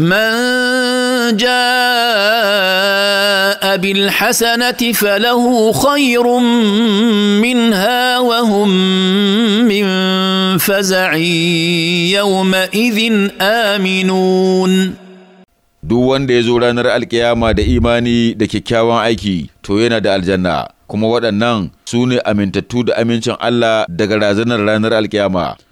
من جاء بالحسنه فله خير منها وهم من فزع يومئذ امنون duk wanda ya zo ranar alkiyama da imani da kyakkyawan aiki to yana da aljanna kuma waɗannan su ne amintattu da amincin Allah daga razanar ranar alkiyama